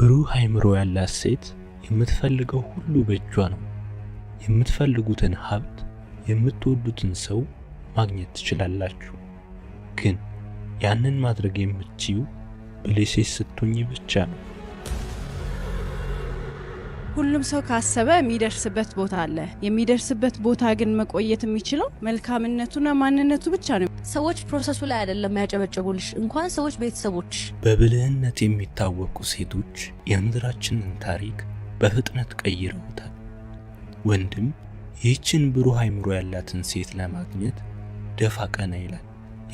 ብሩህ አይምሮ ያላት ሴት የምትፈልገው ሁሉ በእጇ ነው። የምትፈልጉትን ሀብት፣ የምትወዱትን ሰው ማግኘት ትችላላችሁ። ግን ያንን ማድረግ የምትችዩ ብልህ ሴት ስትሆኚ ብቻ ነው። ሁሉም ሰው ካሰበ የሚደርስበት ቦታ አለ። የሚደርስበት ቦታ ግን መቆየት የሚችለው መልካምነቱና ማንነቱ ብቻ ነው። ሰዎች ፕሮሰሱ ላይ አይደለም ያጨበጨቡልሽ፣ እንኳን ሰዎች ቤተሰቦች። በብልህነት የሚታወቁ ሴቶች የምድራችንን ታሪክ በፍጥነት ቀይረውታል። ወንድም ይህችን ብሩህ አይምሮ ያላትን ሴት ለማግኘት ደፋ ቀና ይላል።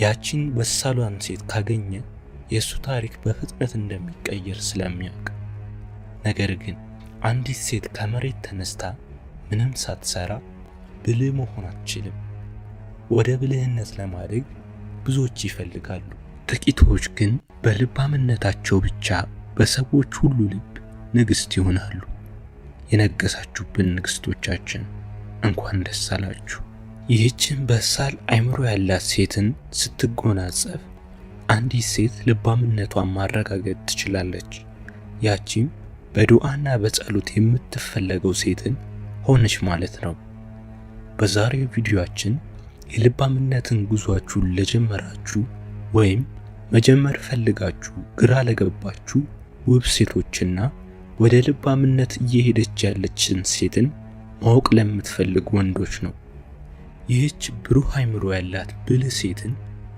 ያችን በሳሏን ሴት ካገኘ የእሱ ታሪክ በፍጥነት እንደሚቀየር ስለሚያውቅ ነገር ግን አንዲት ሴት ከመሬት ተነስታ ምንም ሳትሰራ ብልህ መሆን አትችልም። ወደ ብልህነት ለማደግ ብዙዎች ይፈልጋሉ፣ ጥቂቶች ግን በልባምነታቸው ብቻ በሰዎች ሁሉ ልብ ንግሥት ይሆናሉ። የነገሳችሁብን ንግሥቶቻችን እንኳን ደስ አላችሁ። ይህችን በሳል አይምሮ ያላት ሴትን ስትጎናጸፍ አንዲት ሴት ልባምነቷን ማረጋገጥ ትችላለች። ያቺም በዱዓና በጸሎት የምትፈለገው ሴትን ሆነች ማለት ነው። በዛሬው ቪዲዮአችን የልባምነትን ጉዟችሁን ለጀመራችሁ ወይም መጀመር ፈልጋችሁ ግራ ለገባችሁ ውብ ሴቶችና ወደ ልባምነት እየሄደች ያለችን ሴትን ማወቅ ለምትፈልጉ ወንዶች ነው። ይህች ብሩህ አይምሮ ያላት ብልህ ሴትን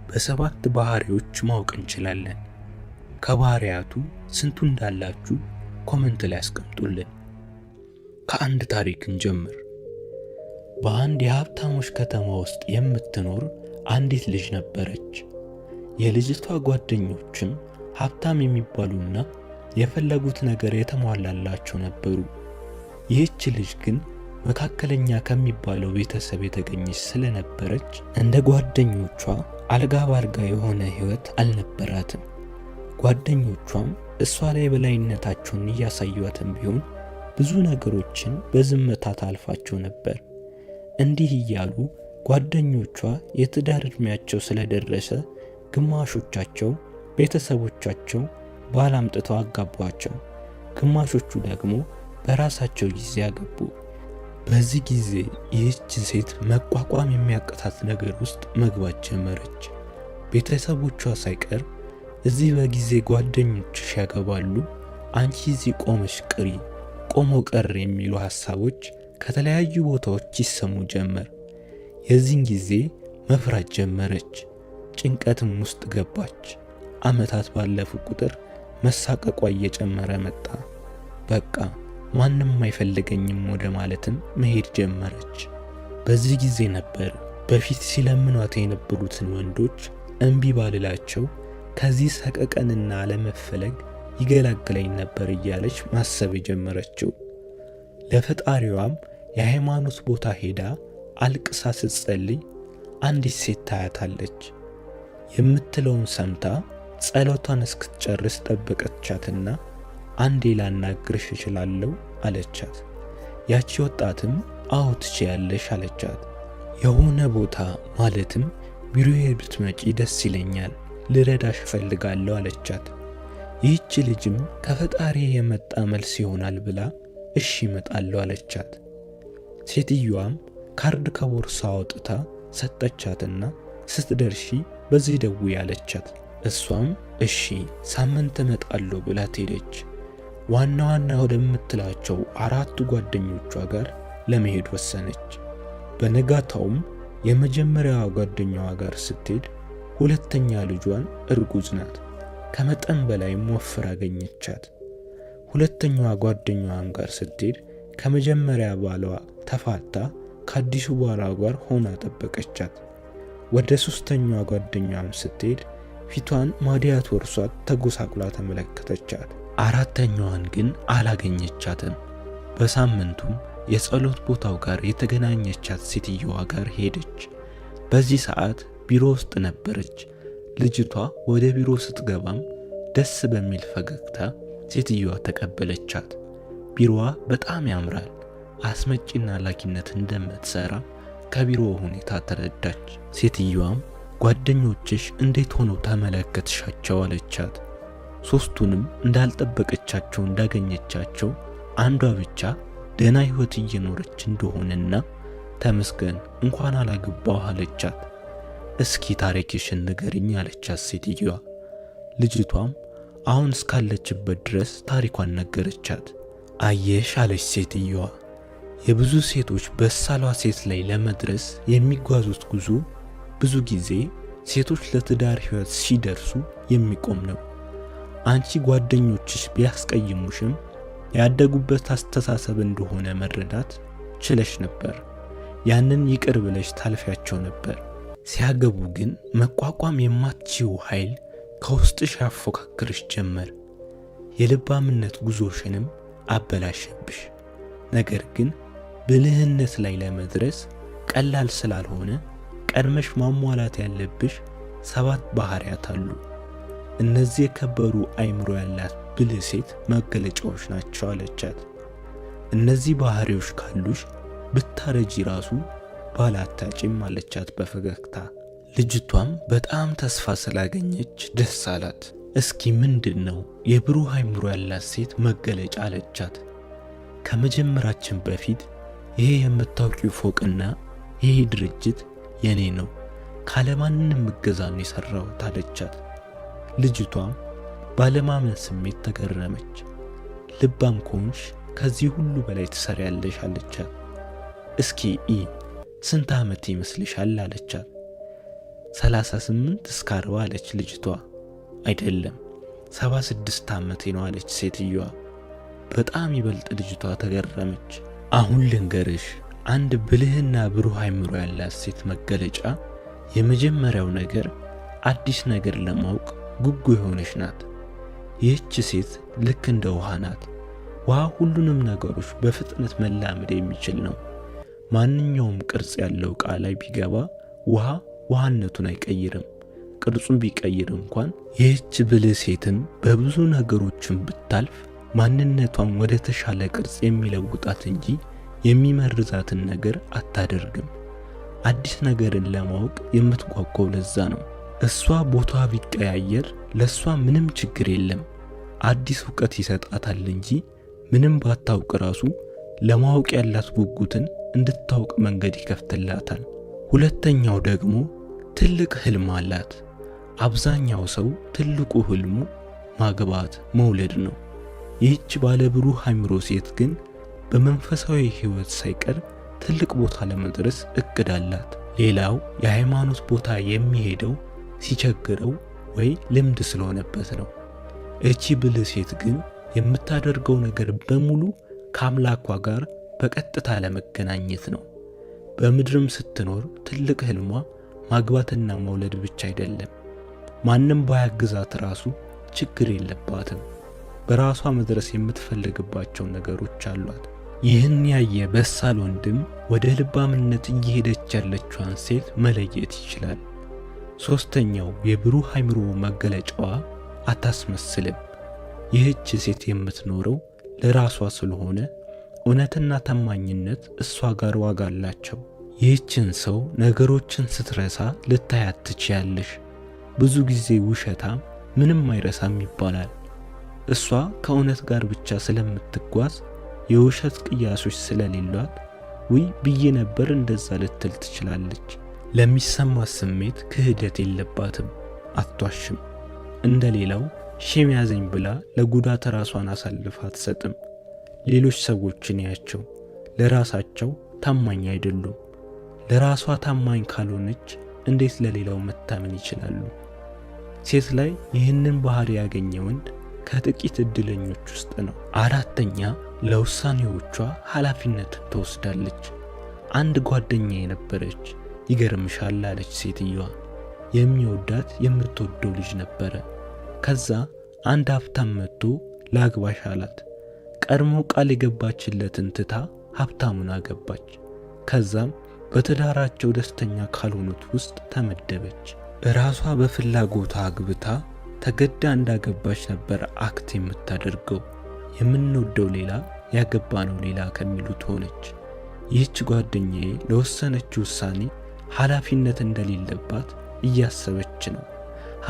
በሰባት ባህሪዎች ማወቅ እንችላለን። ከባህሪያቱ ስንቱ እንዳላችሁ ኮመንት ላይ ያስቀምጡልን። ከአንድ ታሪክን ጀምር በአንድ የሀብታሞች ከተማ ውስጥ የምትኖር አንዲት ልጅ ነበረች። የልጅቷ ጓደኞችም ሀብታም የሚባሉና የፈለጉት ነገር የተሟላላቸው ነበሩ። ይህች ልጅ ግን መካከለኛ ከሚባለው ቤተሰብ የተገኘች ስለነበረች እንደ ጓደኞቿ አልጋ ባልጋ የሆነ ሕይወት አልነበራትም። ጓደኞቿም እሷ ላይ በላይነታቸውን እያሳዩትም ቢሆን ብዙ ነገሮችን በዝምታ ታልፋቸው ነበር። እንዲህ እያሉ ጓደኞቿ የትዳር ዕድሜያቸው ስለደረሰ ግማሾቻቸው ቤተሰቦቻቸው ባል አምጥተው አጋቧቸው፣ ግማሾቹ ደግሞ በራሳቸው ጊዜ አገቡ። በዚህ ጊዜ ይህች ሴት መቋቋም የሚያቀታት ነገር ውስጥ መግባት ጀመረች። ቤተሰቦቿ ሳይቀር እዚህ በጊዜ ጓደኞችሽ ያገባሉ፣ አንቺ እዚህ ቆመሽ ቅሪ፣ ቆሞ ቀር የሚሉ ሐሳቦች ከተለያዩ ቦታዎች ይሰሙ ጀመር። የዚህን ጊዜ መፍራት ጀመረች፣ ጭንቀትም ውስጥ ገባች። ዓመታት ባለፉ ቁጥር መሳቀቋ እየጨመረ መጣ። በቃ ማንም አይፈልገኝም ወደ ማለትም መሄድ ጀመረች። በዚህ ጊዜ ነበር በፊት ሲለምኗት የነበሩትን ወንዶች እምቢ ባልላቸው ከዚህ ሰቀቀንና ለመፈለግ ይገላግለኝ ነበር እያለች ማሰብ የጀመረችው ለፈጣሪዋም የሃይማኖት ቦታ ሄዳ አልቅሳ ስትጸልይ አንዲት ሴት ታያታለች። የምትለውን ሰምታ ጸሎቷን እስክትጨርስ ጠበቀቻትና አንዴ ላናግርሽ እችላለሁ አለቻት። ያቺ ወጣትም አዎ ትችያለሽ አለቻት። የሆነ ቦታ ማለትም ቢሮዬ ብትመጪ ደስ ይለኛል ልረዳሽ እፈልጋለሁ አለቻት። ይህች ልጅም ከፈጣሪ የመጣ መልስ ይሆናል ብላ እሺ እመጣለሁ አለቻት። ሴትዮዋም ካርድ ከቦርሳ አውጥታ ሰጠቻትና ስትደርሺ በዚህ ደውዪ ያለቻት። እሷም እሺ ሳምንት እመጣለሁ ብላ ትሄደች ዋና ዋና ወደምትላቸው አራቱ ጓደኞቿ ጋር ለመሄድ ወሰነች። በነጋታውም የመጀመሪያዋ ጓደኛዋ ጋር ስትሄድ ሁለተኛ ልጇን እርጉዝ ናት። ከመጠን በላይም ወፍር አገኘቻት። ሁለተኛዋ ጓደኛዋም ጋር ስትሄድ ከመጀመሪያ ባሏ ተፋታ ከአዲሱ ባሏ ጋር ሆና ጠበቀቻት። ወደ ሦስተኛዋ ጓደኛዋም ስትሄድ ፊቷን ማዲያት ወርሷት ተጎሳቁላ ተመለከተቻት። አራተኛዋን ግን አላገኘቻትም። በሳምንቱም የጸሎት ቦታው ጋር የተገናኘቻት ሴትየዋ ጋር ሄደች። በዚህ ሰዓት ቢሮ ውስጥ ነበረች። ልጅቷ ወደ ቢሮ ስትገባም ደስ በሚል ፈገግታ ሴትዮዋ ተቀበለቻት። ቢሮዋ በጣም ያምራል። አስመጪና ላኪነት እንደምትሰራ ከቢሮ ሁኔታ ተረዳች። ሴትዮዋም ጓደኞችሽ እንዴት ሆነው ተመለከትሻቸው? አለቻት። ሶስቱንም እንዳልጠበቀቻቸው እንዳገኘቻቸው፣ አንዷ ብቻ ደና ህይወት እየኖረች እንደሆነና ተመስገን እንኳን አላገባሁ አለቻት። እስኪ ታሪክሽን ንገርኝ አለቻት ሴትየዋ። ልጅቷም አሁን እስካለችበት ድረስ ታሪኳን ነገረቻት። አየሽ አለች ሴትየዋ፣ የብዙ ሴቶች በሳሏ ሴት ላይ ለመድረስ የሚጓዙት ጉዞ ብዙ ጊዜ ሴቶች ለትዳር ሕይወት ሲደርሱ የሚቆም ነው። አንቺ ጓደኞችሽ ቢያስቀይሙሽም ያደጉበት አስተሳሰብ እንደሆነ መረዳት ችለሽ ነበር። ያንን ይቅር ብለሽ ታልፊያቸው ነበር። ሲያገቡ ግን መቋቋም የማትችው ኃይል ከውስጥሽ ያፎካክርሽ ጀመር። የልባምነት ጉዞሽንም አበላሸብሽ። ነገር ግን ብልህነት ላይ ለመድረስ ቀላል ስላልሆነ ቀድመሽ ማሟላት ያለብሽ ሰባት ባህሪያት አሉ። እነዚህ የከበሩ አይምሮ ያላት ብልህ ሴት መገለጫዎች ናቸው አለቻት። እነዚህ ባህሪዎች ካሉሽ ብታረጂ ራሱ ባል አታጭም አለቻት በፈገግታ። ልጅቷም በጣም ተስፋ ስላገኘች ደስ አላት። እስኪ ምንድን ነው የብሩህ አይምሮ ያላት ሴት መገለጫ አለቻት። ከመጀመራችን በፊት ይሄ የምታውቂው ፎቅና ይሄ ድርጅት የኔ ነው፣ ካለማንን እገዛ ነው የሰራሁት አለቻት። ልጅቷም ባለማመን ስሜት ተገረመች። ልባም ከሆንሽ ከዚህ ሁሉ በላይ ትሰሪያለሽ አለቻት። እስኪ ኢ ስንት ዓመት ይመስልሻል አለቻት። 38 እስከ 40 አለች ልጅቷ። አይደለም 76 ስድስት ዓመቴ ነው አለች ሴትየዋ በጣም ይበልጥ ልጅቷ ተገረመች። አሁን ልንገርሽ አንድ ብልህና ብሩህ አይምሮ ያላት ሴት መገለጫ የመጀመሪያው ነገር አዲስ ነገር ለማወቅ ጉጉ የሆነች ናት። ይህች ሴት ልክ እንደ ውሃ ናት። ውሃ ሁሉንም ነገሮች በፍጥነት መላመድ የሚችል ነው። ማንኛውም ቅርጽ ያለው ዕቃ ላይ ቢገባ ውሃ ውሃነቱን አይቀይርም። ቅርጹን ቢቀይር እንኳን ይህች ብልህ ሴትም በብዙ ነገሮችን ብታልፍ ማንነቷን ወደ ተሻለ ቅርጽ የሚለውጣት እንጂ የሚመርዛትን ነገር አታደርግም። አዲስ ነገርን ለማወቅ የምትጓጓው ለዛ ነው። እሷ ቦታ ቢቀያየር ለእሷ ምንም ችግር የለም፣ አዲስ እውቀት ይሰጣታል እንጂ ምንም ባታውቅ ራሱ ለማወቅ ያላት ጉጉትን እንድታውቅ መንገድ ይከፍትላታል። ሁለተኛው ደግሞ ትልቅ ህልም አላት። አብዛኛው ሰው ትልቁ ህልሙ ማግባት መውለድ ነው። ይህች ባለብሩህ አእምሮ ሴት ግን በመንፈሳዊ ህይወት ሳይቀር ትልቅ ቦታ ለመድረስ እቅድ አላት። ሌላው የሃይማኖት ቦታ የሚሄደው ሲቸግረው ወይ ልምድ ስለሆነበት ነው። እቺ ብልህ ሴት ግን የምታደርገው ነገር በሙሉ ከአምላኳ ጋር በቀጥታ ለመገናኘት ነው። በምድርም ስትኖር ትልቅ ህልሟ ማግባትና መውለድ ብቻ አይደለም። ማንም ባያግዛት ራሱ ችግር የለባትም። በራሷ መድረስ የምትፈልግባቸው ነገሮች አሏት። ይህን ያየ በሳል ወንድም ወደ ልባምነት እየሄደች ያለችዋን ሴት መለየት ይችላል። ሦስተኛው የብሩህ አይምሮ መገለጫዋ አታስመስልም። ይህች ሴት የምትኖረው ለራሷ ስለሆነ እውነትና ታማኝነት እሷ ጋር ዋጋ አላቸው። ይህችን ሰው ነገሮችን ስትረሳ ልታያት ትችያለሽ። ብዙ ጊዜ ውሸታም ምንም አይረሳም ይባላል። እሷ ከእውነት ጋር ብቻ ስለምትጓዝ የውሸት ቅያሶች ስለሌሏት ውይ ብዬ ነበር እንደዛ ልትል ትችላለች። ለሚሰማት ስሜት ክህደት የለባትም፣ አትዋሽም። እንደሌላው ሼም ያዘኝ ብላ ለጉዳት ራሷን አሳልፋ አትሰጥም። ሌሎች ሰዎችን ያቸው ለራሳቸው ታማኝ አይደሉም። ለራሷ ታማኝ ካልሆነች እንዴት ለሌላው መታመን ይችላሉ? ሴት ላይ ይህንን ባህር ያገኘ ወንድ ከጥቂት እድለኞች ውስጥ ነው። አራተኛ ለውሳኔዎቿ ኃላፊነት ትወስዳለች። አንድ ጓደኛ የነበረች ይገርምሻል አለች ሴትዮዋ። የሚወዳት የምትወደው ልጅ ነበረ። ከዛ አንድ ሀብታም መጥቶ ለአግባሽ አላት። ቀድሞ ቃል የገባችለትን ትታ ሀብታሙን አገባች። ከዛም በትዳራቸው ደስተኛ ካልሆኑት ውስጥ ተመደበች። ራሷ በፍላጎቷ አግብታ ተገዳ እንዳገባች ነበር አክት የምታደርገው። የምንወደው ሌላ ያገባ ነው ሌላ ከሚሉት ሆነች። ይህች ጓደኛዬ ለወሰነች ውሳኔ ኃላፊነት እንደሌለባት እያሰበች ነው።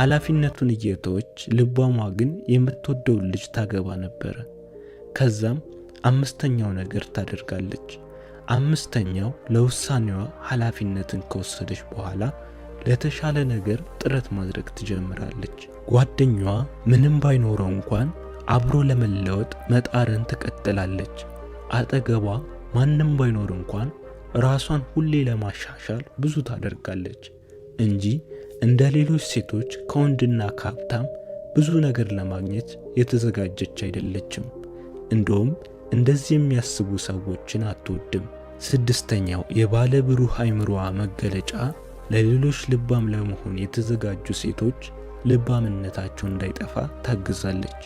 ኃላፊነቱን እየተወች ልቧሟ ግን የምትወደውን ልጅ ታገባ ነበረ። ከዛም አምስተኛው ነገር ታደርጋለች። አምስተኛው ለውሳኔዋ ኃላፊነትን ከወሰደች በኋላ ለተሻለ ነገር ጥረት ማድረግ ትጀምራለች። ጓደኛዋ ምንም ባይኖረው እንኳን አብሮ ለመለወጥ መጣርን ትቀጥላለች። አጠገቧ ማንም ባይኖር እንኳን ራሷን ሁሌ ለማሻሻል ብዙ ታደርጋለች እንጂ እንደ ሌሎች ሴቶች ከወንድና ከሀብታም ብዙ ነገር ለማግኘት የተዘጋጀች አይደለችም። እንዲሁም እንደዚህ የሚያስቡ ሰዎችን አትወድም። ስድስተኛው የባለ ብሩህ አይምሮዋ መገለጫ ለሌሎች ልባም ለመሆን የተዘጋጁ ሴቶች ልባምነታቸው እንዳይጠፋ ታግዛለች።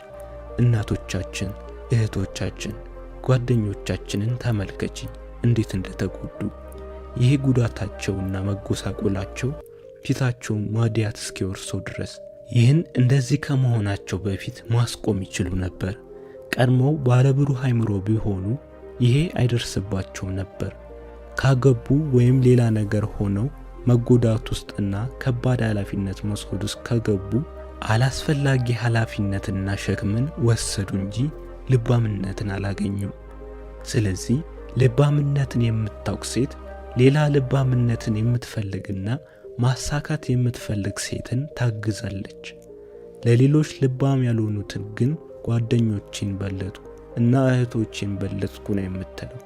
እናቶቻችን፣ እህቶቻችን፣ ጓደኞቻችንን ተመልከች እንዴት እንደተጎዱ። ይህ ጉዳታቸውና መጎሳቆላቸው ፊታቸው ማዲያት እስኪወርሰው ድረስ ይህን እንደዚህ ከመሆናቸው በፊት ማስቆም ይችሉ ነበር። ቀድሞው ባለብሩህ አይምሮ ቢሆኑ ይሄ አይደርስባቸውም ነበር። ካገቡ ወይም ሌላ ነገር ሆነው መጎዳት ውስጥና ከባድ ኃላፊነት መውሰድ ውስጥ ከገቡ አላስፈላጊ ኃላፊነትና ሸክምን ወሰዱ እንጂ ልባምነትን አላገኙም። ስለዚህ ልባምነትን የምታውቅ ሴት ሌላ ልባምነትን የምትፈልግና ማሳካት የምትፈልግ ሴትን ታግዛለች። ለሌሎች ልባም ያልሆኑትን ግን ጓደኞቼን በለጥኩ እና እህቶቼን በለጥኩ ነው የምትለው።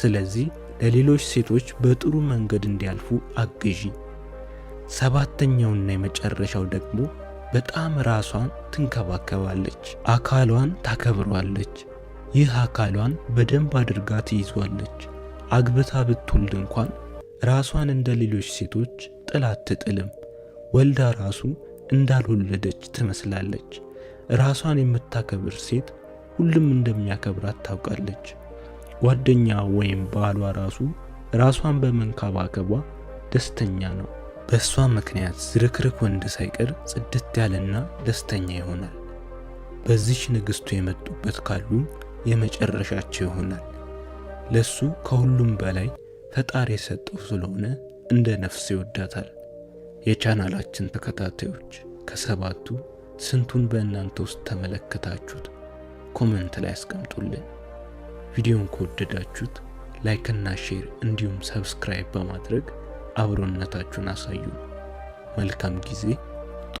ስለዚህ ለሌሎች ሴቶች በጥሩ መንገድ እንዲያልፉ አግዢ። ሰባተኛውና የመጨረሻው ደግሞ በጣም ራሷን ትንከባከባለች፣ አካሏን ታከብሯለች። ይህ አካሏን በደንብ አድርጋ ትይዟለች። አግብታ ብትወልድ እንኳን ራሷን እንደ ሌሎች ሴቶች ጥላ አትጥልም። ወልዳ ራሱ እንዳልወለደች ትመስላለች። ራሷን የምታከብር ሴት ሁሉም እንደሚያከብራት ታውቃለች። ጓደኛ ወይም ባሏ ራሱ ራሷን በመንከባከቧ ደስተኛ ነው። በእሷ ምክንያት ዝርክርክ ወንድ ሳይቀር ጽድት ያለና ደስተኛ ይሆናል። በዚች ንግሥቱ የመጡበት ካሉም የመጨረሻቸው ይሆናል። ለሱ ከሁሉም በላይ ፈጣሪ የሰጠው ስለሆነ እንደ ነፍስ ይወዳታል። የቻናላችን ተከታታዮች ከሰባቱ ስንቱን በእናንተ ውስጥ ተመለከታችሁት? ኮመንት ላይ አስቀምጡልን። ቪዲዮን ከወደዳችሁት ላይክና ሼር እንዲሁም ሰብስክራይብ በማድረግ አብሮነታችሁን አሳዩ። መልካም ጊዜ